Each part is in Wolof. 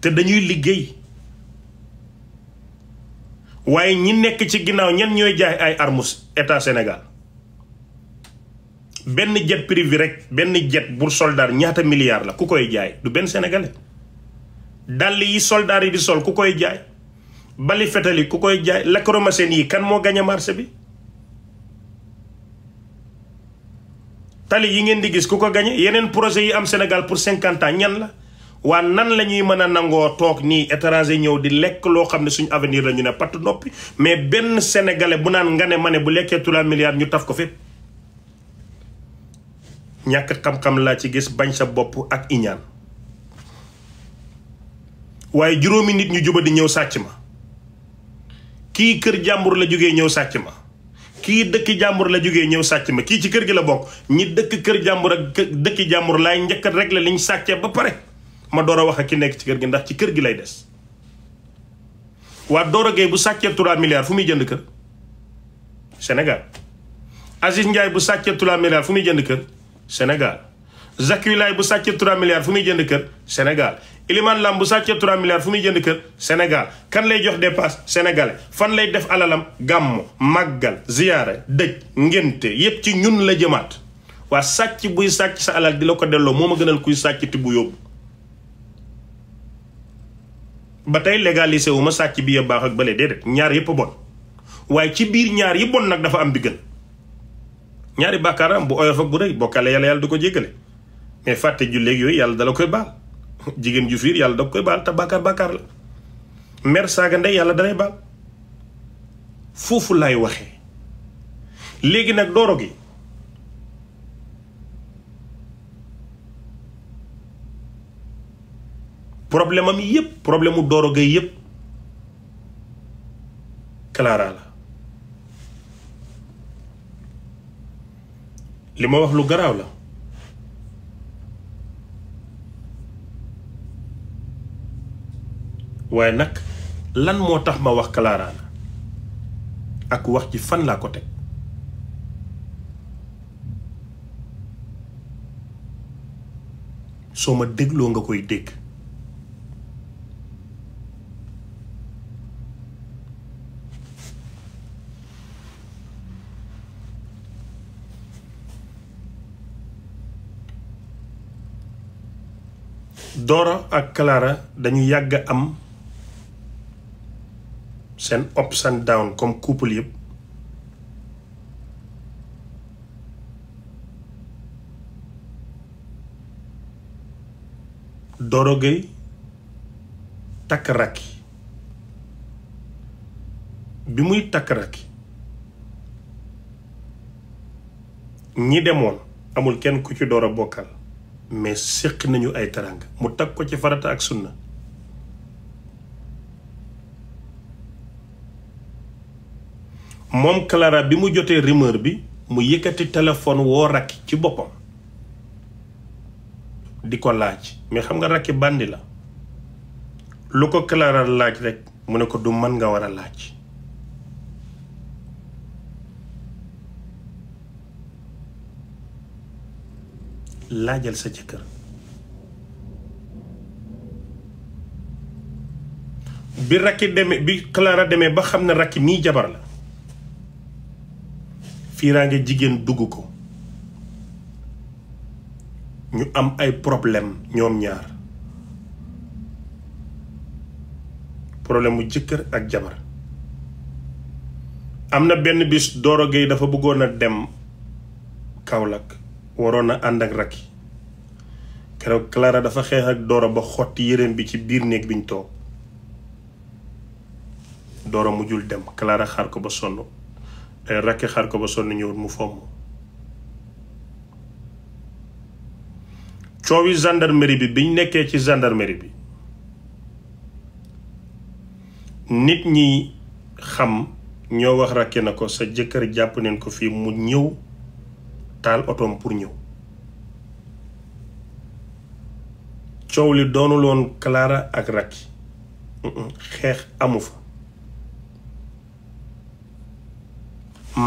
te dañuy liggéey waaye ñi nekk ci ginnaaw ñan ñooy jaay ay armes état Sénégal benn jet privé rek benn jet bu soldat ñaata milliards la ku koy jaay du benn sénégalais dàll yi soldat yi di sol ku koy jaay bali fetal ku koy jaay lacrymogène yi kan moo gañ a bi tali yi ngeen di gis ku ko gañe yeneen projet yi am Sénégal pour cinquante ans ñan la waa nan la ñuy mën a nangoo toog nii étranger ñëw di lekk loo xam ne suñu avenir la ñu ne patt noppi mais benn sénégalais bu naan nga ne ma ne bu lekkee trois milliards ñu taf ko fépp ñàkk xam-xam laa ci gis bañ sa bopp ak iñaan waaye juróomi nit ñu juba di ñëw sàcc ma kii kër jàmbur la jógee ñëw sàcc ma kii dëkk jàmbur la jógee ñëw sàcc ma kii ci kër gi la bokk ñi dëkk kër jàmbur ak dëkki jàmbur laay njëkkat rek la liñ sàccee ba pare ma door a wax ak ki nekk ci kër gi ndax ci kër gi lay des waa Doro Gueye bu sàccee 3 milliards fu muy jënd kër Sénégal Aziz Ndiaye bu sàccee 3 milliards fu muy jënd kër Sénégal Zakwi Laay bu sàccee 3 milliards fu muy jënd kër Sénégal Iliman Lam bu sàccee 3 milliards fu muy jënd kër Sénégal kan lay jox de dépasse sénégalais fan lay def alalam gàmmu màggal ziyaare dëj ngénte yëpp ci ñun la jëmaat waa sàcc buy sàcc sa alal di la ko delloo moo ma gënal kuy sàcc ti bu yóbbu ba tey légalisé wu sàcc bi ya baax ak bële déedéet ñaar yëpp a bon waaye ci biir ñaar yi bon nag dafa am bi gën ñaari bàkkaaram bu oyof ak bu rëy bokkale yàlla yàlla du ko jéggale mais fàtte julleeg yooyu yàlla dala koy baal jigéen ju fiir yàlla da koy baal te bàkkaar bàkkaar la mer saaga ndey yàlla dalay baal foofu lay waxee léegi nag dooro gi problème am yëpp problème mu Doro Gueye yëpp Clara la li ma wax lu garaaw la waaye nag lan moo tax ma wax Clara la ak wax ci fan laa ko teg soo ma dégloo nga koy dégg Doro ak Clara dañu yàgg am seen ups and comme couple yëpp Doro Gueye takk Racky bi muy takk Racky ñi demoon amul kenn ku ci Doro bokkal mais séq nañu ay taranga mu tag ko ci farata ak sunna moom Clara bi mu jotee rumeur bi mu yëkkati téléphone woo rakki ci boppam di ko laaj mais xam nga rakki bandi la lu ko Clara laaj rek mu ne ko du man nga war a laaj laajal sa jëkkër bi rakki deme bi Clara deme ba xam ne rakki mii jabar la fiiraange jigéen dugg ko ñu am ay problème ñoom ñaar problème mu jëkkër ak jabar am na benn bis Doro Gueye dafa bëggoon a dem Kaolack waroon a ànd ak rakki keroog Clara dafa xeex ak Doro ba xotti yéreem bi ci biir néeg bi ñu toog dooro mu jul dem Clara xaar ko ba sonn ay eh, rakki xaar ko ba sonn ñëwul mu fomm coowi gendarmerie bi biñ nekkee ci gendarmerie bi nit ñi xam ñoo wax rakki na ko sa jëkkër jàpp neen ko fii mu ñëw taal otoom ñëw coow li doonuloon Clara ak Racky xeex amu fa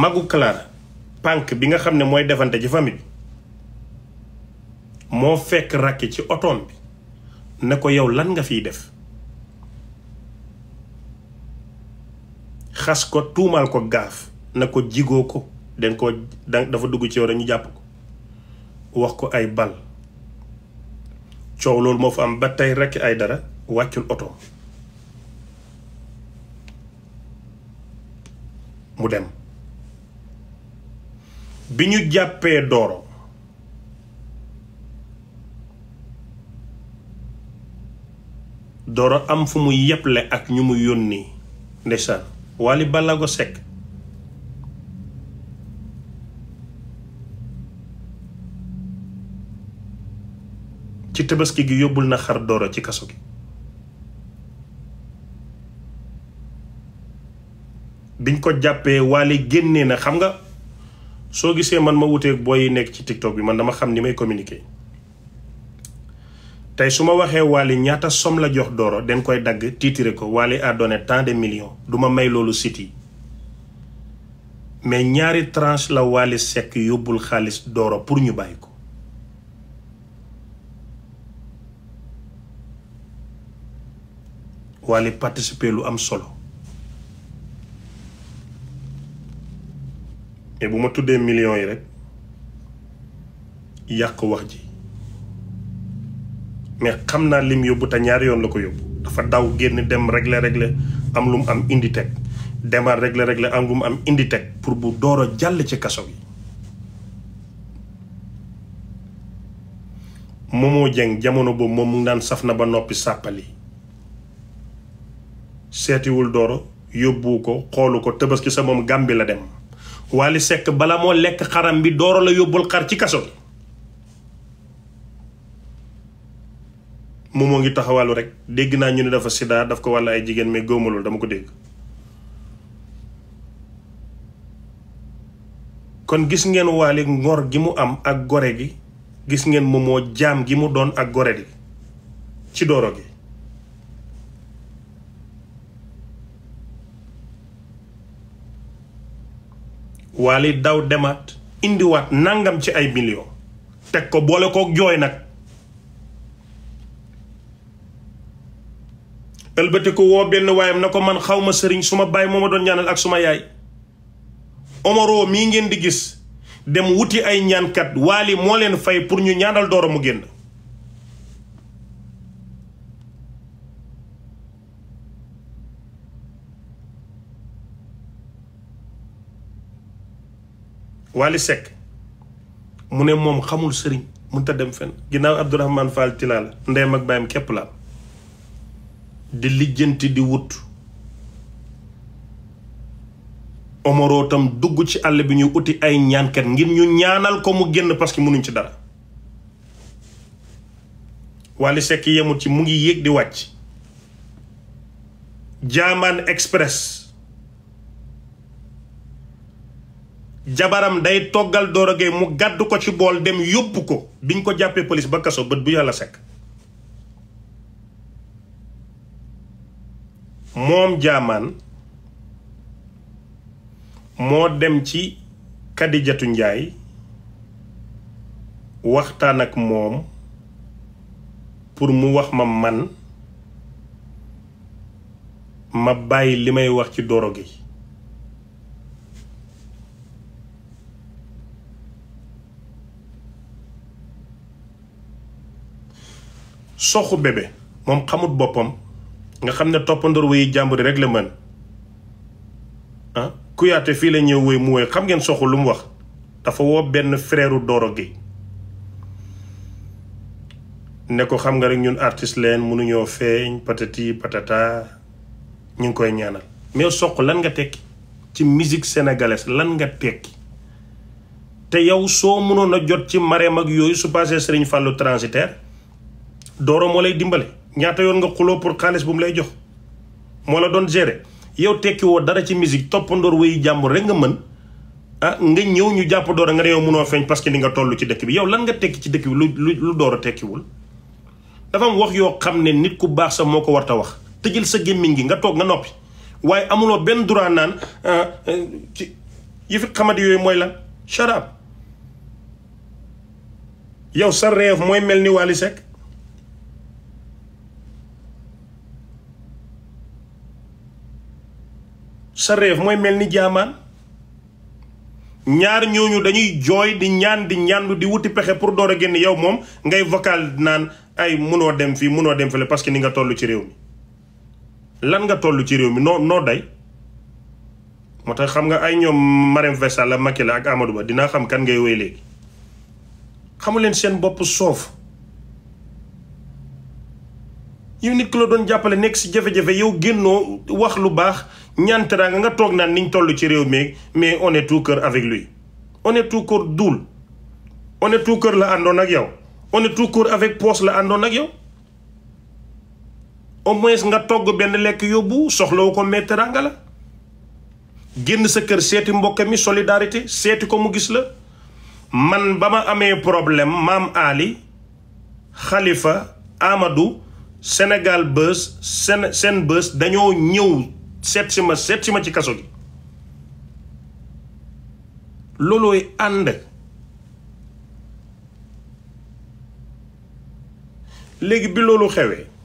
magu Clara pànk bi nga xam ne mooy defante ci famille moo fekk Racky ci otoom bi ne ko yow lan nga fiy def xas ko tuumaal ko gaaf na ko jigoo ko dañ ko dafa dugg ci yow dañu japp ko wax ko ay bal ciow loolu mo fa am ba tay rek ay dara waccul auto mu dem biñu jappé doro doro am fu mu ak ñu mu yonni ndessa wali balago sek ci tabaski gi yóbbul na xar dooro ci kaso gi biñ ko jàppee waale génnee na xam nga soo gisee man ma wuteeg booy nekk ci tiktok bi man dama xam ni may communiquer tey su ma waxee waale ñaata som la jox dooro dañ koy dagg tiitire ko waale a donné tant de million duma may loolu site mais ñaari tranche la waale sekk yóbbul xaalis dooro pour ñu bàyyi ko waale participer lu am solo et bu ma tuddee million yi rek yàq wax ji mais xam naa lim yóbbu te ñaari yoon la ko yóbbu dafa daw génn dem régler régler am lu mu am indi demal demaat régler régler am lu mu am indi pour bu door jàll ci kaso bi Momo Dieng jamono boobu moom mu naan saf na ba noppi sàppali seetiwul dooro yóbbu ko xoolu ko tabaski sa moom gambi la dem wali sekk bala moo lekk xaram bi dooro la yóbbul xar ci kaso bi moom ngi taxawalu rek dégg naa ñu ne dafa sida daf ko wàll ay jigéen mais góomalul dama ko dégg kon gis ngeen wali ngor gi mu am ak gore gi gis ngeen moom moo jaam gi mu doon ak gore gi ci dooro gi waali daw demaat indiwaat nangam ci ay millions teg ko boole kook jooy nag ëlbatiku woo benn waayam na ko man xawma sëriñ su ma baay moo ma doon ñaanal ak suma yaay omaro mii ngeen di gis dem wuti ay ñaankat waali moo leen fay pour ñu ñaanal dooro mu génn Wally Seck mu ne moom xamul sëriñ mënut dem fenn ginnaaw Abdourahmane Fall Tilala ndeyam ak baayam képp la di lijjanti di wut Omaro tam dugg ci àll bi ñuy uti ay ñaankat ngir ñu ñaanal ko mu génn parce que mënuñ ci dara Wally Seck yemut ci mu ngi yéeg di wàcc Jaamaan Express jabaram day togal Doro Gueye mu gàddu ko ci dem yóbbu ko biñ ko jàppee police ba kaso bët bu yàlla moom jaman mo dem ci Kadijatu Njaay waxtaan ak moom pour mu wax ma man ma bàyyi li wax ci Doro Gueye soxu bébé mom xamut bopam nga xam ne toppandoor woyu jàmbur rek la mën ah kuyaate fi la ñew woy mu woy xam ngeen soxu lu mu wax dafa wo ben frère Doro gi ne ko xam nga rek ñun artiste leen ñoo feñ patati patata ñing koy ñaanal mais soxu lan nga tekki ci musique sénégalaise lan nga tekki te yow so mënon na jot ci Marème ak yooyu su passé Serigne Fallou transitaire doro mo lay dimbale ñaata yon nga xulo pour xaliss bu mu lay jox mo la don géré yow tekki wo dara ci musique ndor wéyu jamm rek nga mën ah nga ñew ñu japp doora nga ne mëno feñ parce que li nga tollu ci dëkk bi yow lan nga tekki ci dëkk bi lu lu lu doora tekkiwul dafa am wax yo xamné nit ku baax sa moko warta wax tejil sa gemmi gi nga tok nga ben droit ah, ah, ci xamadi yoy moy lan shut yow sa rêve melni walisek. ni sa rêve moy melni ni ñaar ñooñu dañuy joy di ñaan di ñaandu di wuti pexé pour doora a génn yow mom ngay vocal nan ay mëno dem fi mëno dem fele parce que ni nga tollu ci mi lan nga tollu ci réew mi no no day motax xam nga ay ñom marem Faye la makila ak Amadou Ba dina xam kan ngay wéy léegi xamu len sen bop soof yow nit ko la doon jàppale nek ci wah lubah yow genno wax lu bax ñaan nga toog naan niñ toll ci réew mi mais on est tout cœur avec lui on est tout cœur duul on est la àndoon ak yow on est tout cœur avec poche la àndoon ak yow au moins nga togg benn lekk yóbbu soxlawu ko mais teraanga sa kër seeti mbokk mi solidarité seeti ko mu gis la man ba ma amee problème maam Ali xalifa amadu senegal Buzz Sen bës dañoo ñëw seet si ma seet ma ci kaso gi loolooy ànd léegi bi loolu xewee